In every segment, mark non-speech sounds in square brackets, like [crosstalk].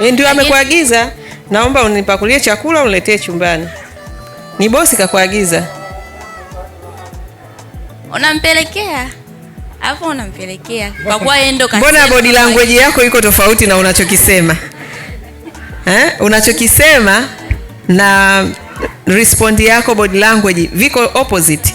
E, ndio amekuagiza, naomba unipakulie chakula uniletee chumbani. Ni bosi kakuagiza, unampelekea alafu unampelekea. Kwa kuwa yeye ndo kasema. Mbona body language yako iko tofauti na unachokisema eh? Unachokisema na respondi yako body language viko opposite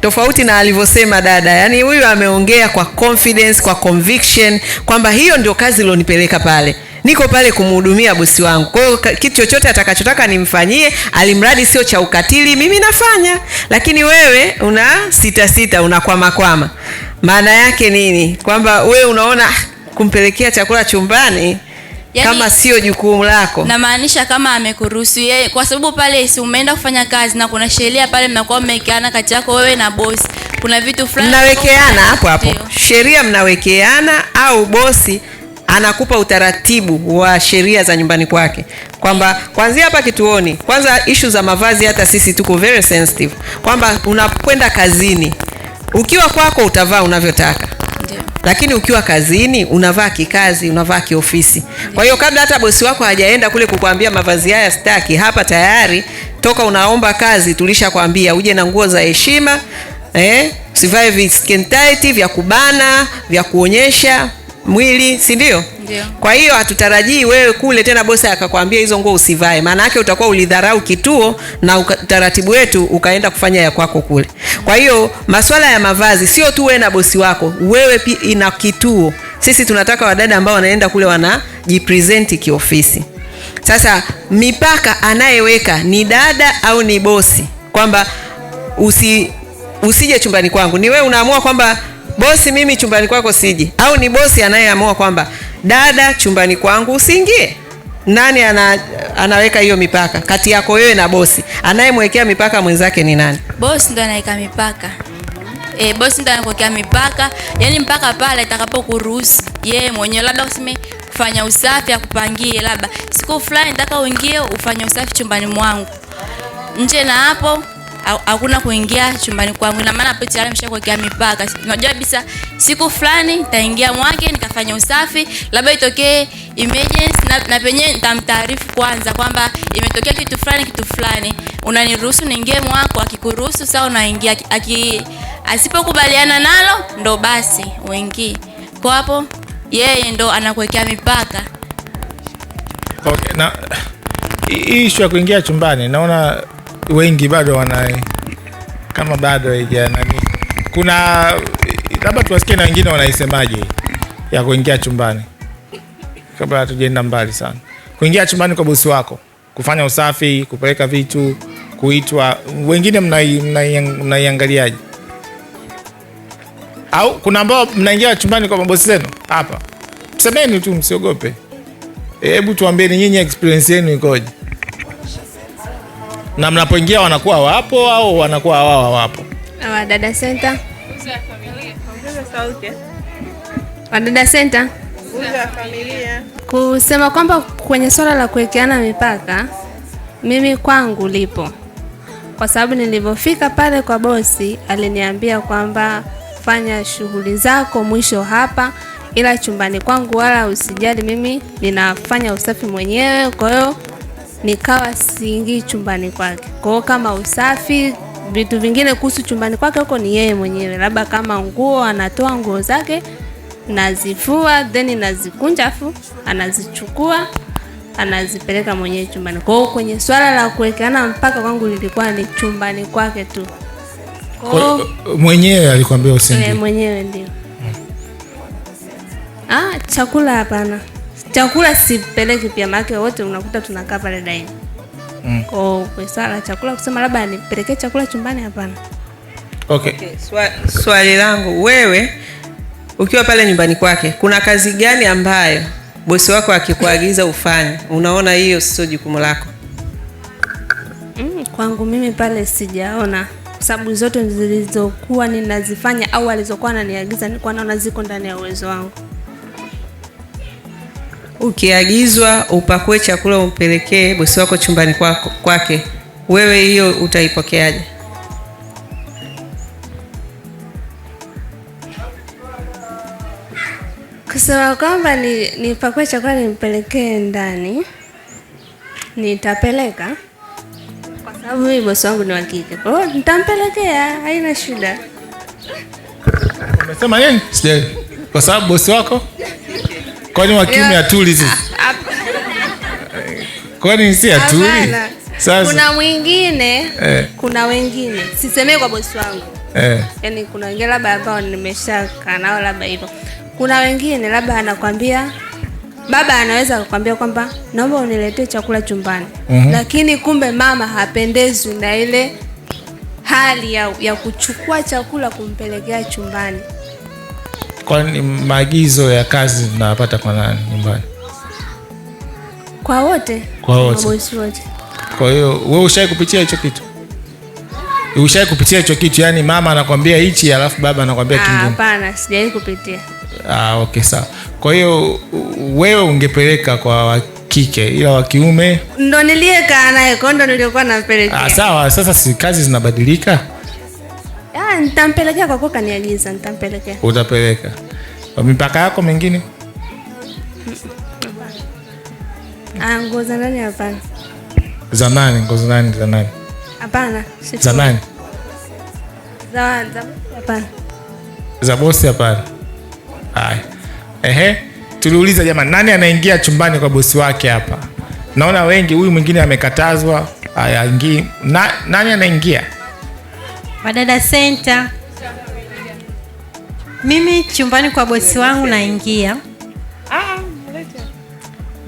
tofauti na alivyosema dada. Yaani huyu ameongea kwa confidence, kwa conviction kwamba hiyo ndio kazi ilionipeleka pale niko pale kumhudumia bosi wangu. Kwa hiyo kitu chochote atakachotaka nimfanyie, alimradi sio cha ukatili, mimi nafanya. Lakini wewe una sita sita, unakwama kwama. Maana yake nini? Kwamba we unaona ah, kumpelekea chakula chumbani Yani, kama sio jukumu lako, namaanisha kama amekuruhusu yeye, kwa sababu pale si umeenda kufanya kazi na kuna sheria pale, mnakuwa mmewekeana kati yako wewe na bosi, kuna vitu fulani mnawekeana hapo hapo, sheria mnawekeana au bosi anakupa utaratibu wa sheria za nyumbani kwake kwamba kwanzia hapa kituoni, kwanza ishu za mavazi, hata sisi tuko very sensitive kwamba unakwenda kazini, ukiwa kwako utavaa unavyotaka lakini ukiwa kazini unavaa kikazi, unavaa kiofisi. Kwa hiyo kabla hata bosi wako hajaenda kule kukuambia mavazi haya staki hapa tayari toka unaomba kazi tulishakwambia uje na nguo za heshima eh, usivae viskintaiti vya kubana vya kuonyesha mwili si ndio? Kwa hiyo hatutarajii wewe kule tena bosi akakwambia hizo nguo usivae, maana yake utakuwa ulidharau kituo na utaratibu wetu ukaenda kufanya ya kwako kule. Kwa hiyo masuala ya mavazi sio tu wewe na bosi wako, wewe pia ina kituo. Sisi tunataka wadada ambao wanaenda kule wanajipresenti kiofisi. Sasa mipaka anayeweka ni dada au ni bosi, kwamba usi usije chumbani kwangu, ni wewe unaamua kwamba bosi, mimi chumbani kwako siji? Au ni bosi anayeamua kwamba dada, chumbani kwangu usiingie? Nani ana, anaweka hiyo mipaka kati yako wewe na bosi? Anayemwekea mipaka mwenzake ni nani? Bosi ndo anaweka mipaka. E, bosi ndo anakuwekea mipaka, yaani mpaka pale itakapokuruhusu yeye mwenyewe, labda useme kufanya usafi, akupangie labda siku fulani nataka uingie ufanye usafi chumbani mwangu. Nje na hapo hakuna kuingia chumbani kwangu. Ina maana hapo tayari mshakuwekea mipaka. Unajua kabisa siku fulani nitaingia mwake nikafanya usafi, labda itokee emergency na, na penye nitamtaarifu kwanza kwamba imetokea kitu fulani kitu fulani, unaniruhusu niingie mwako? Akikuruhusu sawa, unaingia. Aki asipokubaliana nalo ndo basi uingii. Kwa hapo yeye ndo anakuwekea mipaka. Okay, na issue ya kuingia chumbani naona wengi bado wana kama bado haijanani. Kuna labda tuwasikie na wengine wanaisemaje ya kuingia chumbani, kabla hatujaenda mbali sana. Kuingia chumbani kwa bosi wako, kufanya usafi, kupeleka vitu, kuitwa. Wengine mnaiangaliaje? Au kuna ambao mnaingia chumbani kwa mabosi zenu hapa? Msemeni tu, msiogope. Hebu tuambieni nyinyi experience yenu ikoje? na mnapoingia wanakuwa wapo au wanakuwa wao hawapo? Wadada senta Wadada senta Kusema kwamba kwenye swala la kuwekeana mipaka, mimi kwangu lipo, kwa sababu nilivyofika pale kwa bosi aliniambia kwamba fanya shughuli zako mwisho hapa, ila chumbani kwangu wala usijali, mimi ninafanya usafi mwenyewe, kwa hiyo nikawa siingii chumbani kwake. Kwa hiyo kama usafi, vitu vingine kuhusu chumbani kwake huko ni yeye mwenyewe, labda kama nguo, anatoa nguo zake nazifua, then nazikunja, afu anazichukua anazipeleka mwenyewe chumbani. Kwa hiyo kwenye swala la kuwekeana mpaka kwangu lilikuwa ni chumbani kwake tu. Kwa mwenyewe alikwambia usingie? Eh, mwenyewe ndio. Mm. Ah, chakula hapana chakula sipeleki pia, maana wote unakuta tunakaa pale daini mm. Kwa sala chakula kusema labda nipelekee chakula chumbani, hapana. Okay. Okay, swali langu wewe, ukiwa pale nyumbani kwake, kuna kazi gani ambayo bosi wako akikuagiza ufanye unaona hiyo sio jukumu lako? Mm, kwangu mimi pale sijaona sababu zote zilizokuwa ninazifanya au alizokuwa ananiagiza nilikuwa naona ziko ndani ya uwezo wangu ukiagizwa upakue chakula umpelekee bosi wako chumbani kwako kwake, wewe hiyo utaipokeaje? Kusema kwamba nipakue chakula nimpelekee ndani, nitapeleka kwa sababu mimi bosi wangu ni wa kike, kwa hiyo nitampelekea, haina shida. Umesema nini? Kwa sababu bosi wako Kwani wa kiume sisi? Ah, ah, Kwani si atuli? Sasa kuna mwingine eh, kuna wengine sisemee kwa bosi wangu eh, yani kuna wengine labda ambao nimeshakaa nao labda hivyo, kuna wengine labda anakwambia baba anaweza kukwambia kwamba naomba uniletee chakula chumbani. mm -hmm. Lakini kumbe mama hapendezwi na ile hali ya, ya kuchukua chakula kumpelekea chumbani Kwani maagizo ya kazi tunayapata kwa nani nyumbani? Kwa wote, kwa wote, Kwa hiyo wewe ushai kupitia hicho kitu, ushai kupitia hicho kitu, yaani mama anakwambia hichi alafu baba anakwambia ah, kingine? Hapana, sijawahi kupitia. Ah, okay, sawa. Kwa hiyo wewe ungepeleka kwa wa kike, ila wa kiume ndo niliyekaa naye, kwa ndo niliokuwa nampelekea. Ah, sawa. Sasa si kazi zinabadilika nitampelekea kwa kuwa kaniagiza, nitampelekea. Utapeleka mipaka yako mingine ah, nguo za nani? Hapana, za nani? Nguo za nani? Za nani? Hapana, za nani? za bosi? Hapana. Haya, ehe, tuliuliza jamani, nani anaingia chumbani kwa bosi wake hapa? Naona wengi, huyu mwingine amekatazwa, hayaingii. Na, nani anaingia Wadada Center. Mimi chumbani kwa bosi wangu naingia,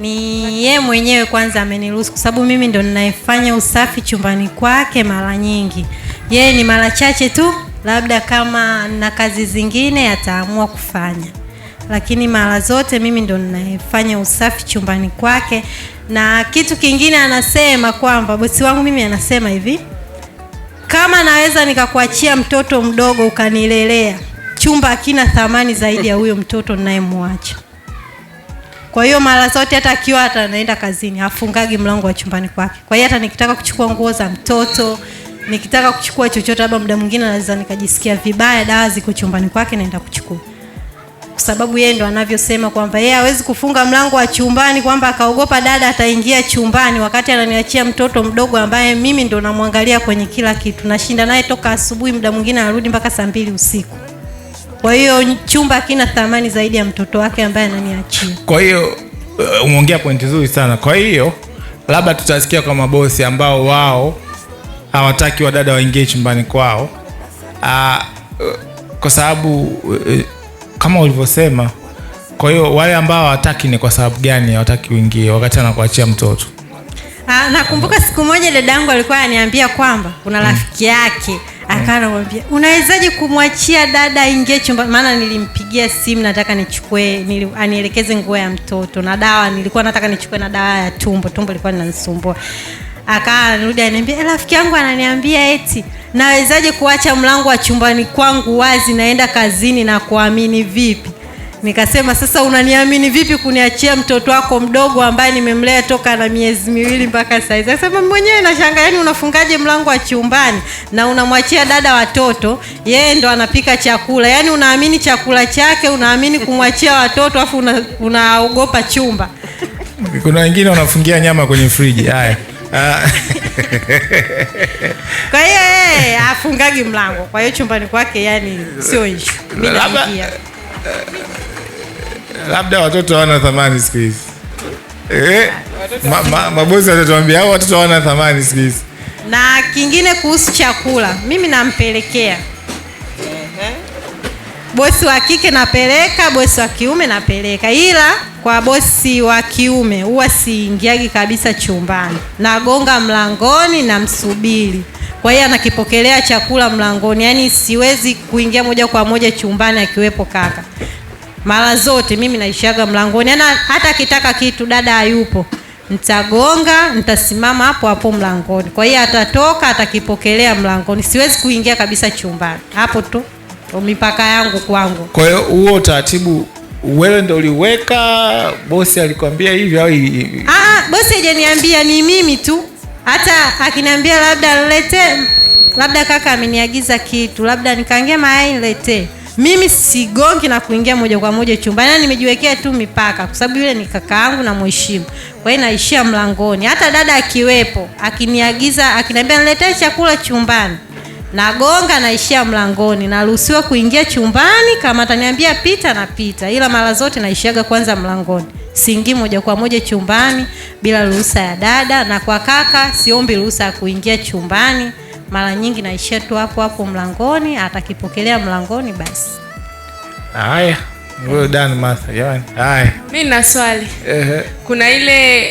ni yeye mwenyewe kwanza ameniruhusu, kwa sababu mimi ndo ninayefanya usafi chumbani kwake mara nyingi. Yeye ni mara chache tu, labda kama na kazi zingine ataamua kufanya, lakini mara zote mimi ndo ninayefanya usafi chumbani kwake. Na kitu kingine anasema kwamba bosi wangu mimi anasema hivi kama naweza nikakuachia mtoto mdogo ukanilelea, chumba hakina thamani zaidi ya huyo mtoto ninayemwacha. Kwa hiyo mara zote, hata akiwa hata anaenda kazini, hafungagi mlango wa chumbani kwake. Kwa hiyo hata nikitaka kuchukua nguo za mtoto, nikitaka kuchukua chochote, labda muda mwingine naweza nikajisikia vibaya, dawa ziko chumbani kwake, naenda kuchukua kwa sababu yeye ndo anavyosema kwamba yeye hawezi kufunga mlango wa chumbani, kwamba akaogopa dada ataingia chumbani wakati ananiachia mtoto mdogo ambaye mimi ndo namwangalia kwenye kila kitu, nashinda naye toka asubuhi, muda mwingine anarudi mpaka saa mbili usiku. Kwa hiyo chumba kina thamani zaidi ya mtoto wake ambaye ananiachia. Kwa hiyo uh, umeongea pointi nzuri sana. Kwa hiyo labda tutasikia kwa mabosi ambao wao hawataki wadada waingie chumbani kwao, ah, uh, kwa sababu uh, kama ulivyosema. Kwa hiyo wale ambao hawataki ni kwa sababu gani hawataki uingie wakati anakuachia mtoto? Ah, nakumbuka siku moja dada yangu alikuwa ananiambia kwamba kuna mm. rafiki yake mm. akawa anamwambia unawezaje kumwachia dada aingie chumba? Maana nilimpigia simu nataka nichukue anielekeze nguo ya mtoto na dawa, nilikuwa nataka nichukue na dawa ya tumbo, tumbo lilikuwa linanisumbua. Akawa anarudi ananiambia, eh, rafiki yangu ananiambia eti nawezaje kuacha mlango wa chumbani kwangu wazi, naenda kazini na kuamini vipi? Nikasema, sasa unaniamini vipi kuniachia mtoto wako mdogo ambaye nimemlea toka na miezi miwili mpaka sasa hivi? Akasema mwenyewe nashangaa, yani unafungaje mlango wa chumbani na unamwachia dada watoto, yeye ndo anapika chakula, yani unaamini chakula chake, unaamini kumwachia watoto afu unaogopa una chumba. Kuna wengine wanafungia nyama kwenye friji. Haya. Ah. [laughs] kwa hiyo yeye afungagi mlango, kwa hiyo chumbani kwake yani sio ishu. Mimi labda watoto hawana thamani siku hizi eh, mabosi watatuambia watoto hawana thamani siku hizi. Na kingine kuhusu chakula, mimi nampelekea bosi wa kike napeleka, bosi wa kiume napeleka, ila kwa bosi wa kiume huwa siingiagi kabisa chumbani, nagonga mlangoni na msubiri. Kwa hiyo anakipokelea chakula mlangoni, yaani siwezi kuingia moja kwa moja chumbani akiwepo kaka. Mara zote mimi naishaga mlangoni, yaani hata akitaka kitu dada hayupo, nitagonga nitasimama hapo hapo mlangoni. Kwa hiyo atatoka atakipokelea mlangoni, siwezi kuingia kabisa chumbani. Hapo tu mipaka yangu kwangu. Kwa hiyo huo utaratibu wewe ndo uliweka? Bosi alikwambia hivyo au? Ah, ah, bosi hajaniambia, ni mimi tu. Hata akiniambia labda niletee, labda kaka ameniagiza kitu, labda nikaangia mayai nilete, mimi sigongi na kuingia moja kwa moja chumbani, na yaani nimejiwekea tu mipaka, kwa sababu yule ni kaka yangu na mheshimu. Kwa hiyo naishia mlangoni. Hata dada akiwepo, akiniagiza, akiniambia nilete chakula chumbani nagonga, naishia mlangoni. Naruhusiwa kuingia chumbani, kama ataniambia pita na pita, ila mara zote naishiaga kwanza mlangoni. singi moja kwa moja chumbani bila ruhusa ya dada, na kwa kaka siombi ruhusa ya kuingia chumbani. Mara nyingi naishia tu hapo hapo mlangoni, atakipokelea mlangoni basi. Haya, wewe Martha, jamani. Haya, mimi na swali. Kuna ile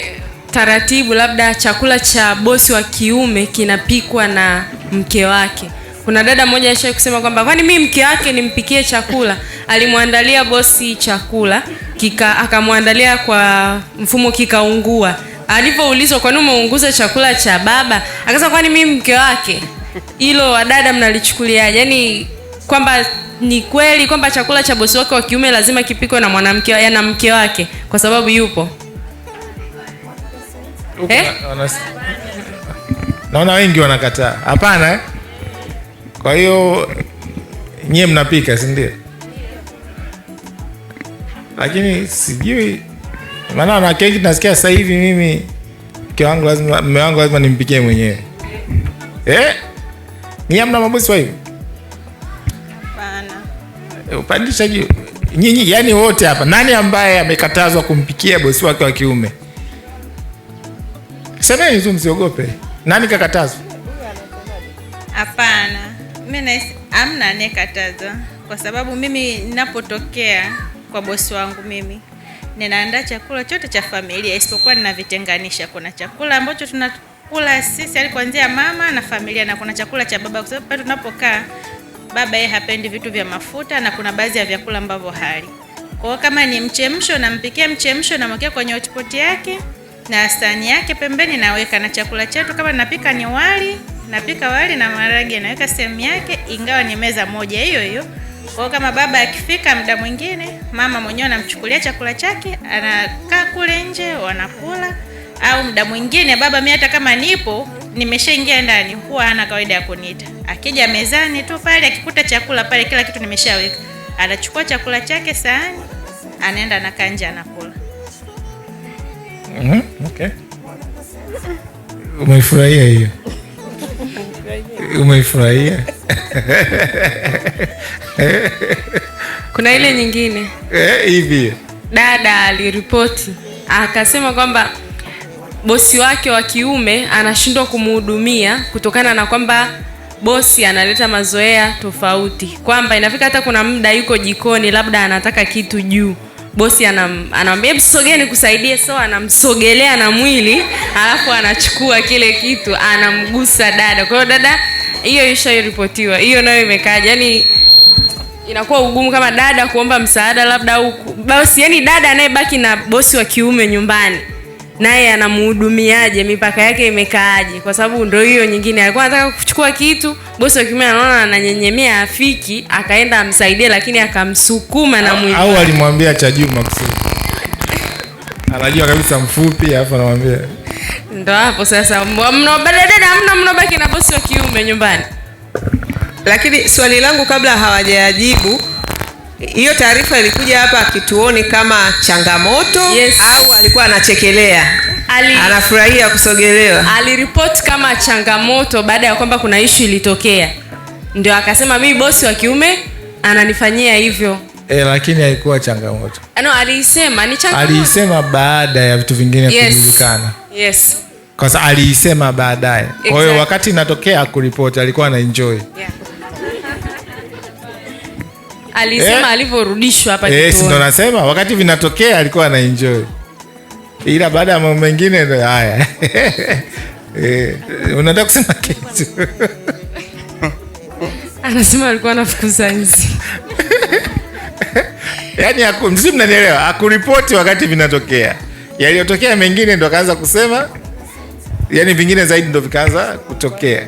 taratibu, labda chakula cha bosi wa kiume kinapikwa na mke wake. Kuna dada mmoja alishawahi kusema kwamba kwani mimi mke wake nimpikie chakula? Alimwandalia bosi chakula kika, akamwandalia kwa mfumo kikaungua. Alipoulizwa kwani umeunguza chakula cha baba, akasema kwani mimi mke wake. Hilo wadada mnalichukuliaje? Yaani kwamba ni kweli kwamba chakula cha bosi wake wa kiume lazima kipikwe na mwanamke na mke wake kwa sababu yupo Eh? Eh? naona wengi wanakataa. Hapana eh? Kwa hiyo nyie mnapika, si ndio? Lakini sijui maana na nasikia sasa hivi mimi mke wangu lazima, wangu lazima nimpikie mwenyewe eh? Nyie mna mabosi wa hivyo? Hapana. Eh, Upandisha juu nyinyi, yani wote hapa, nani ambaye amekatazwa kumpikia bosi wake wa kiume? Semeni tu msiogope. Nani kakatazwa? Hapana. Mimi hamna anayekatazwa kwa sababu mimi ninapotokea kwa bosi wangu mimi ninaandaa chakula chote cha familia isipokuwa ninavitenganisha. Kuna chakula ambacho tunakula sisi ali yaani kuanzia mama na familia, na kuna chakula cha baba, kwa sababu pale tunapokaa baba yeye hapendi vitu vya mafuta, na kuna baadhi ya vyakula ambavyo hali. Kwa hiyo kama ni mchemsho, nampikia mchemsho, namwekea kwenye hotpot yake na stani yake pembeni naweka, na chakula chetu kama napika ni wali, napika wali na maharage naweka sehemu yake, ingawa ni meza moja hiyo hiyo. Kwa kama baba akifika muda mwingine, mama mwenyewe anamchukulia chakula chake, anakaa kule nje wanakula, au muda mwingine baba, mimi hata kama nipo nimeshaingia ndani, huwa ana kawaida ya kuniita. Akija mezani tu pale, akikuta chakula pale, kila kitu nimeshaweka, anachukua chakula chake sahani, anaenda anakaa nje anakula. Mhm. Umeifurahia hiyo? Umeifurahia? Kuna ile nyingine eh, hivi dada aliripoti akasema kwamba bosi wake wa kiume anashindwa kumhudumia kutokana na kwamba bosi analeta mazoea tofauti, kwamba inafika hata kuna muda yuko jikoni, labda anataka kitu juu bosi anam, anamwambia hebu sogea nikusaidie, so anamsogelea na mwili, alafu anachukua kile kitu anamgusa dada. Kwa hiyo dada hiyo ishairipotiwa, hiyo nayo imekaja, yani inakuwa ugumu kama dada kuomba msaada labda au bosi, yani dada anayebaki na bosi wa kiume nyumbani naye anamuhudumiaje, mipaka yake imekaaje, kwa sababu ndio hiyo nyingine. Alikuwa anataka kuchukua kitu, bosi wa kiume anaona ananyenyemea, afiki akaenda amsaidie, lakini akamsukuma na mwili. Au alimwambia cha juu maksudi anajua kabisa mfupi, alafu anamwambia ndo hapo sasa mnobadadada hamna mnobaki na bosi wa kiume nyumbani. Lakini swali langu kabla hawajajibu hiyo taarifa ilikuja hapa akituone kama changamoto yes, au alikuwa anachekelea ali, anafurahia kusogelewa? Aliripoti kama changamoto baada ya kwamba kuna ishu ilitokea, ndio akasema mimi bosi wa kiume ananifanyia hivyo e, lakini haikuwa changamoto no, aliisema ni changamoto, aliisema baada ya vitu vingine yes, kujulikana yes, kwa sababu aliisema baadaye exactly. Kwa hiyo wakati inatokea kuripoti alikuwa ana enjoy yeah alisema eh, alivyorudishwa hapa eh, si ndo nasema wakati vinatokea alikuwa ana enjoy, ila baada ya mambo mengine ndo haya [laughs] eh, unataka kusema kitu [laughs] anasema alikuwa anafukuza nzi [laughs] yani, msi mnanielewa, akuripoti wakati vinatokea, yaliyotokea mengine ndo akaanza kusema, yani vingine zaidi ndo vikaanza kutokea.